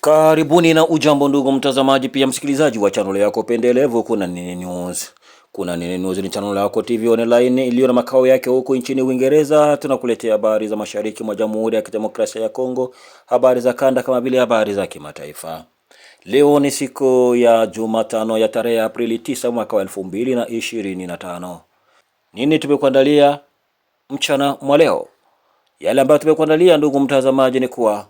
Karibuni na ujambo ndugu mtazamaji, pia msikilizaji wa chanelo yako pendelevu Kuna Nini News. Kuna Nini News ni channel yako TV online iliyo na makao yake huko nchini Uingereza. Tunakuletea habari za mashariki mwa Jamhuri ya Kidemokrasia ya Kongo, habari za kanda kama vile habari za kimataifa. Leo ni siku ya Jumatano ya tarehe Aprili 9 mwaka wa tano. Nini tumekuandalia mchana mwa leo? Yale ambayo tumekuandalia ndugu mtazamaji ni kuwa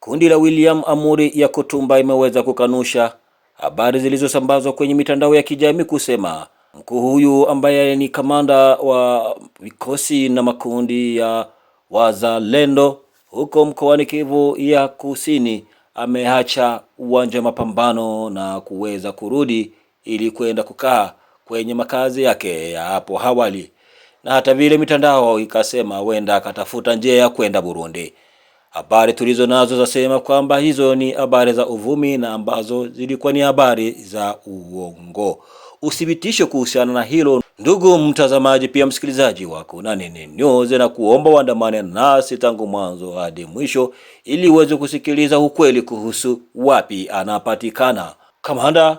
Kundi la William Amuri ya Kutumba imeweza kukanusha habari zilizosambazwa kwenye mitandao ya kijamii kusema mkuu huyu ambaye ni kamanda wa vikosi na makundi ya wazalendo huko mkoani Kivu ya Kusini ameacha uwanja wa mapambano na kuweza kurudi ili kwenda kukaa kwenye makazi yake ya hapo awali, na hata vile mitandao ikasema huenda akatafuta njia ya kwenda Burundi. Habari tulizo nazo zasema kwamba hizo ni habari za uvumi na ambazo zilikuwa ni habari za uongo. Uthibitisho kuhusiana na hilo, ndugu mtazamaji, pia msikilizaji wa Kuna Nini News, na kuomba uandamane nasi tangu mwanzo hadi mwisho ili uweze kusikiliza ukweli kuhusu wapi anapatikana Kamanda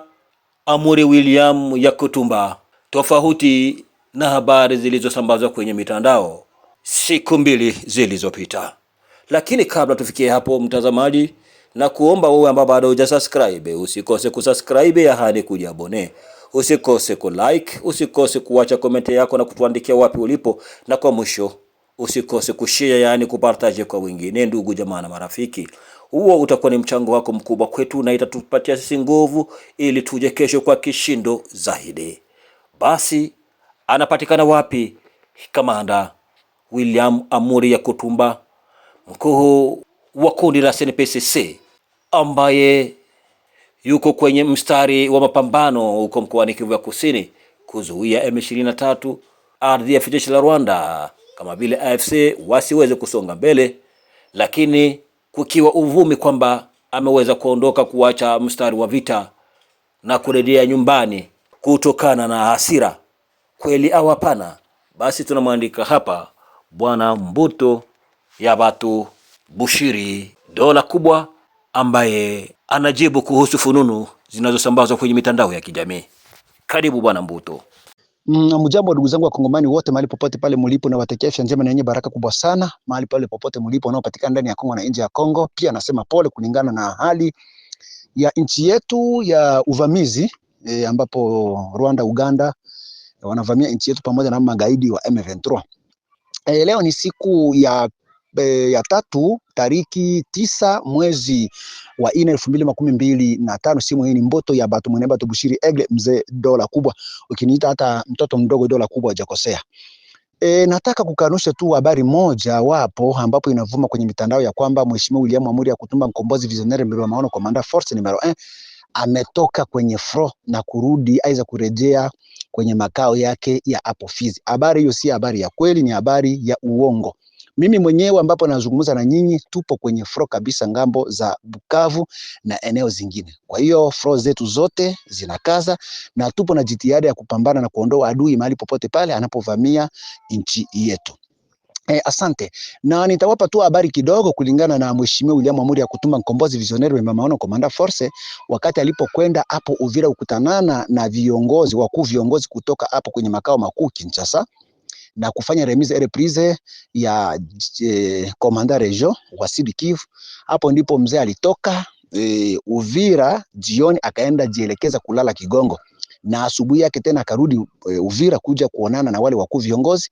Amuri William Yakutumba, tofauti na habari zilizosambazwa kwenye mitandao siku mbili zilizopita. Lakini kabla tufikie hapo, mtazamaji, na kuomba wewe ambao bado hujasubscribe usikose kusubscribe ya hadi kujiabone, usikose like, usikose kuacha komenti yako na kutuandikia wapi ulipo, na kwa mwisho usikose kushare, yaani kupartage kwa wengine, ndugu jamaa na marafiki. Huo utakuwa ni mchango wako mkubwa kwetu na itatupatia sisi nguvu ili tuje kesho kwa kishindo zaidi. Basi anapatikana wapi kamanda William Amuri ya Kutumba mkuu wa kundi la SNPCC ambaye yuko kwenye mstari wa mapambano huko mkoani Kivu ya Kusini kuzuia M23 ardhi ya jeshi la Rwanda kama vile AFC wasiweze kusonga mbele, lakini kukiwa uvumi kwamba ameweza kuondoka kuacha mstari wa vita na kurejea nyumbani kutokana na hasira. Kweli au hapana? Basi tunamwandika hapa Bwana Mbuto ya Batu Bushiri, dola kubwa ambaye anajibu kuhusu fununu zinazosambazwa kwenye mitandao ya kijamii. Karibu Bwana Mbuto. Mjambo ndugu zangu wa Kongomani wote mahali popote pale mlipo, na watakia afya njema na yenye baraka kubwa sana mahali pale popote mulipo, wanaopatikana ndani ya Kongo na nje ya Kongo. Pia nasema pole kulingana na hali ya nchi yetu ya uvamizi e, ambapo Rwanda, Uganda wanavamia nchi yetu pamoja na magaidi wa M23. E, leo ni siku ya e, ya tatu tariki tisa mwezi wa ine elfu mbili makumi mbili na tano. Simu hii ni mboto ya batu mwenye batu Bushiri Egle mzee dola kubwa, ukiniita hata mtoto mdogo dola kubwa hujakosea. E, nataka kukanusha tu habari moja wapo ambapo inavuma kwenye mitandao ya kwamba mheshimiwa William Amuri ya kutumba mkombozi visionnaire Mbeba maono komanda force numero 1 ametoka kwenye fro na kurudi aiza kurejea kwenye makao yake ya hapo Fizi. Habari hiyo si habari ya kweli, ni habari ya uongo. Mimi mwenyewe ambapo nazungumza na nyinyi, tupo kwenye fro kabisa, ngambo za Bukavu na eneo zingine. Kwa hiyo fro zetu zote zinakaza na tupo na jitihada ya kupambana na kuondoa adui mahali popote pale anapovamia nchi yetu. Eh, asante na nitawapa tu habari kidogo kulingana na Mheshimiwa William Amuri ya kutuma mkombozi visionary wa Mama Ono Force, wakati alipokwenda hapo Uvira kukutanana na viongozi wakuu viongozi kutoka hapo kwenye makao makuu Kinshasa na kufanya remise reprise ya eh, komanda region wa Sud Kivu. Hapo ndipo mzee alitoka e, Uvira jioni akaenda jielekeza kulala Kigongo na asubuhi yake tena akarudi e, Uvira kuja kuonana na wale wakuu viongozi,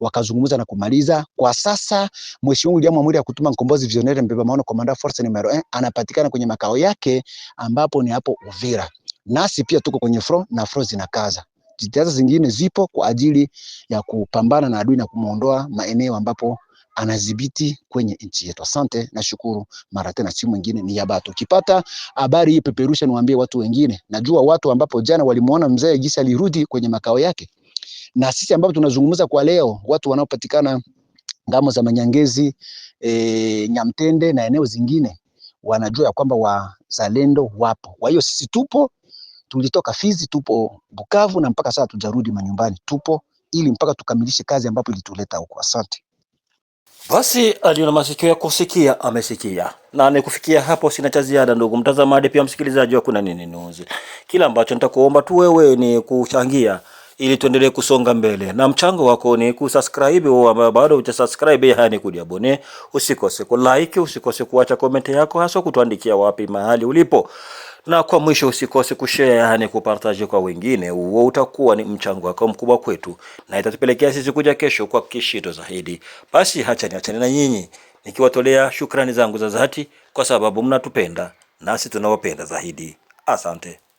wakazungumza na kumaliza. Kwa sasa mheshimiwa William Amuri ya kutuma mkombozi Visionnaire Mbeba Maono, komanda force numero 1 anapatikana kwenye makao yake ambapo ni hapo Uvira, nasi pia tuko kwenye front na front zinakaza jitihada zingine zipo kwa ajili ya kupambana na adui na kumwondoa maeneo ambapo anadhibiti kwenye nchi yetu. Asante, na shukuru mara tena, siku mwingine ni yabatu. Ukipata habari hii peperusha, niwaambie watu wengine. Najua watu ambapo jana walimuona mzee jinsi alirudi kwenye makao yake, na sisi ambapo tunazungumza kwa leo, watu wanaopatikana ngamo za Manyangezi e, Nyamtende na eneo zingine wanajua ya kwamba wazalendo wapo. Kwa hiyo sisi tupo tulitoka Fizi, tupo Bukavu na mpaka sasa tujarudi manyumbani, tupo ili mpaka tukamilishe kazi ambapo ilituleta huko. Asante. Basi aliyo na masikio ya kusikia amesikia, na nikufikia hapo sina cha ziada, ndugu mtazamaji, pia msikilizaji wa Kuna Nini News. Kila ambacho nitakuomba tu wewe ni kuchangia ili tuendelee kusonga mbele, na mchango wako ni kusubscribe, au ambayo bado hujasubscribe, haya ni kujiabone. Usikose ku like, usikose kuacha comment yako, hasa kutuandikia wapi mahali ulipo, na kwa mwisho usikose kushare, yani kupartage kwa wengine. Huo utakuwa ni mchango wako mkubwa kwetu na itatupelekea sisi kuja kesho kwa kishindo zaidi. Basi hacha niachane na nyinyi nikiwatolea shukrani zangu za dhati, kwa sababu mnatupenda nasi tunawapenda zaidi. Asante.